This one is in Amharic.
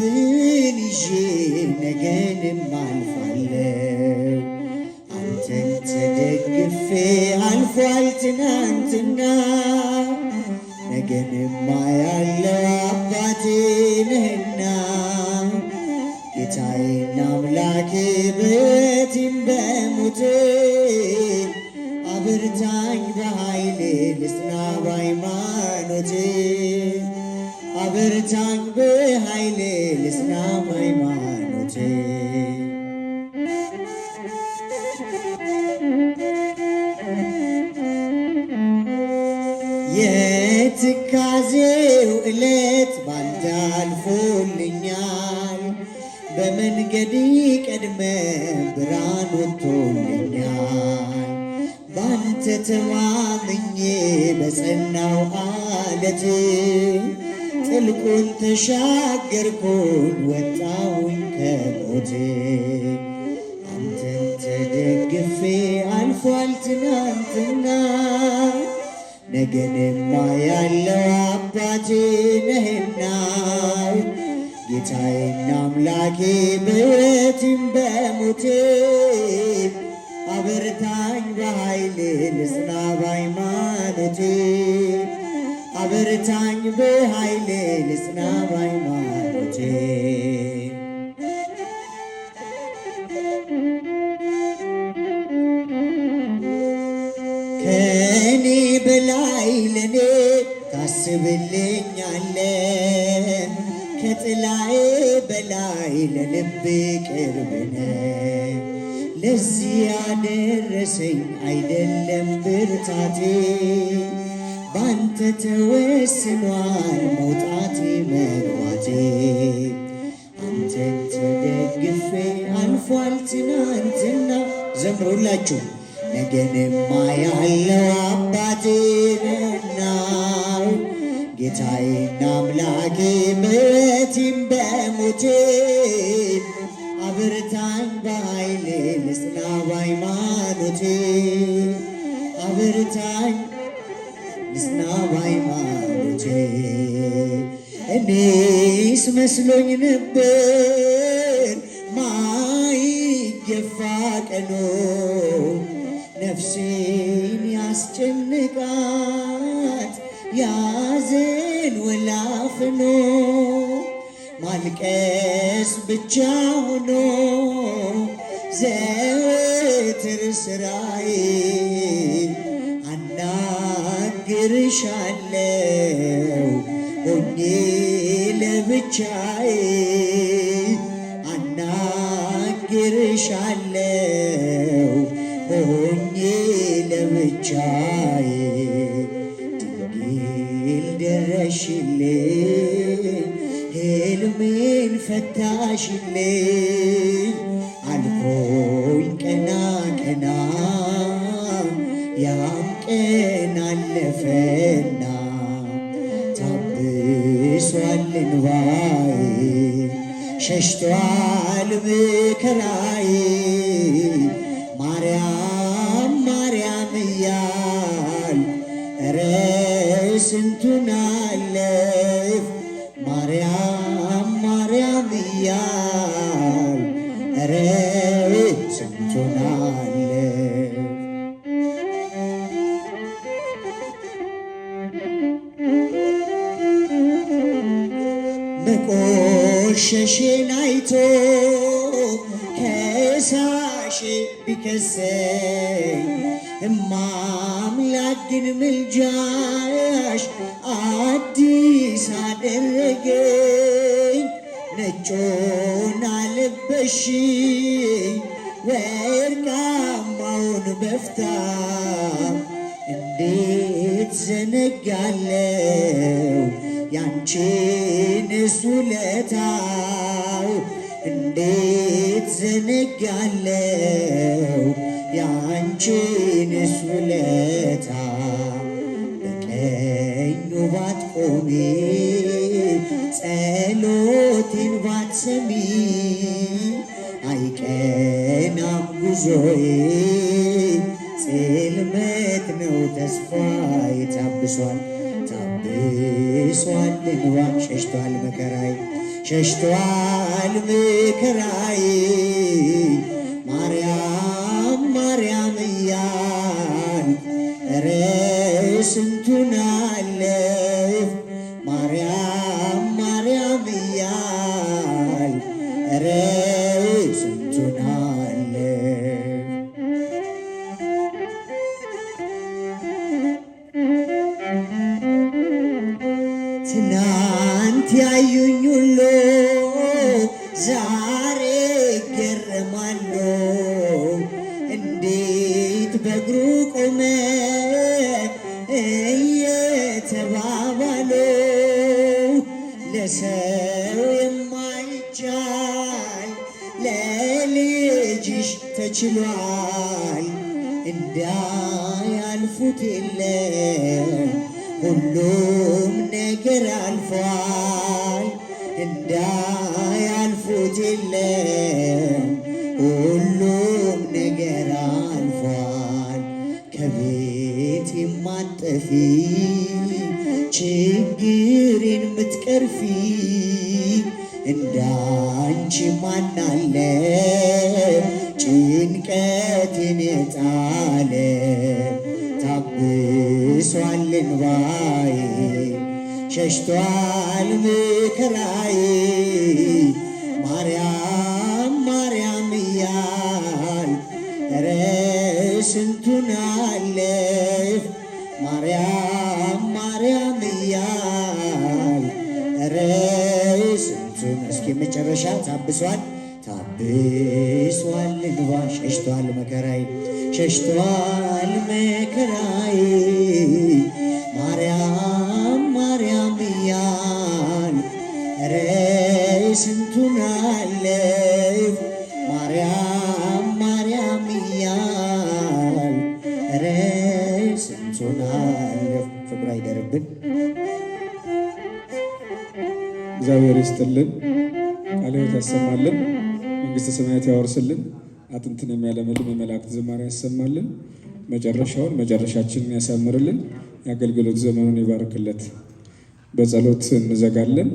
ምን ይዤ ነገንም አልፋለሁ አንተን ተደግፌ አልፏል ትናንትና ነገንማ ያለ አባቴ ነህና ጌታዬና አምላኬ በሕይወቴም በሞቴ አበርታኝ በኃይል ልጽና ባይማ እርታኝ በኃይል ልጽና ሃይማኖቴ የትካዜው እለት ባንተ አልፎልኛል በመንገድ ቀድመ ብርሃን ወጥቶልኛል ባንተ ተማምኜ በጸናው አለት ጥልቁን ተሻገርኩኝ ወጣሁኝ ከሞቴ አንተን ተደግፌ አልፏል ትናንትና ነገንማ ያለው አባቴ ነህና ጌታዬና አምላኬ በሕይወቴም በሞቴ አበርታኝ በኃይል ልጽና በሃይማኖቴ አበርታኝ በኃይሌ ልጽና ባይማኖቴ ከእኔ በላይ ለኔ ታስብልኛለ ከጥላዬ በላይ ለልብ ቅርብነ ለዚህ ያደረሰኝ አይደለም ብርታቴ ባንተ ተወስኗል መውጣቴ መግባቴ አንተን ተደግፌ አልፏል ትናንትና ዘምሮላችሁ ነገንማ ያለው አባቴ አባቴንና ጌታዬና አምላኬ ምሕረትህም በሞቴ አብርታኝ በኃይልህ ልጽና በሃይማኖቴ አብርታኝ ንጽና ባይማኖቴ እኔስ መስሎኝ ነበር ማይገፋ ቀኖ ነፍሴን ያስጨንቃት ያዘን ወላፍኖ ማልቀስ ብቻ ሆኖ ዘወትር ስራዬ አፍርሻለው ሆኜ ለብቻዬ አናግርሻለው ሆኜ ለብቻዬ ድንግል ደረሽልኝ ሕልሜን ፈታሽልኝ سؤال نواي ششتوال بكراي ማርያም ማርያም እያል ረ ስንቱን አለፍ ማርያም ማርያም እያል ረ ስንቱን የቆሸሽን አይቶ ከሳሽ ቢከሰኝ እማምላክን ምልጃሽ አዲስ አደረገኝ። ነጮና ለበሽኝ ወርቃማውን በፍታ እንዴት ዘነጋለው ያንቺንስ ውለታው እንዴት ዘነጋለው ያንቺንስ ውለታ በቀኙ ባትቆሚ ጸሎቴን ባትሰሚ አይቀናም ጉዞዬ ጽልመት ነው ተስፋ የታብሷል ብሷል ልጇ ሸሽቷል መከራይ ሸሽቷል መከራይ ማርያም ማርያም እያል ኧረ ስንቱን አለ ችሏል እንዳያልፉት የለ ሁሉም ነገር አልፏል እንዳያልፉት የለ ሁሉም ነገር አልፏል ከቤት የማጠፊ ችግሬን ምትቀርፊ እንዳንቺ ማናለ የጣለ ታብሷል እንባዬ ሸሽቷል መከራዬ ማርያም ማርያም እያል ኧረ ስንቱን አለፍ ማርያም ማርያም እያል ኧረ ስንቱን እስኪ መጨረሻ ታብሷል ታብሷል ልግባ ሸሽቷል መከራይ ሸሽቷል መከራይ ማርያም ማርያም ብያን ረ ስንቱን አለፍ ማርያም ማርያም ብያን ረ ስንቱን አለፍ ፍቅሩ አይደርብን እግዚአብሔር ይስጥልን ቃለ ያሰማልን መንግስተ ሰማያት ያወርስልን፣ አጥንትን የሚያለመልም የመላእክት ዝማሬ ያሰማልን፣ መጨረሻውን መጨረሻችንን ያሳምርልን፣ የአገልግሎት ዘመኑን ይባርክለት። በጸሎት እንዘጋለን።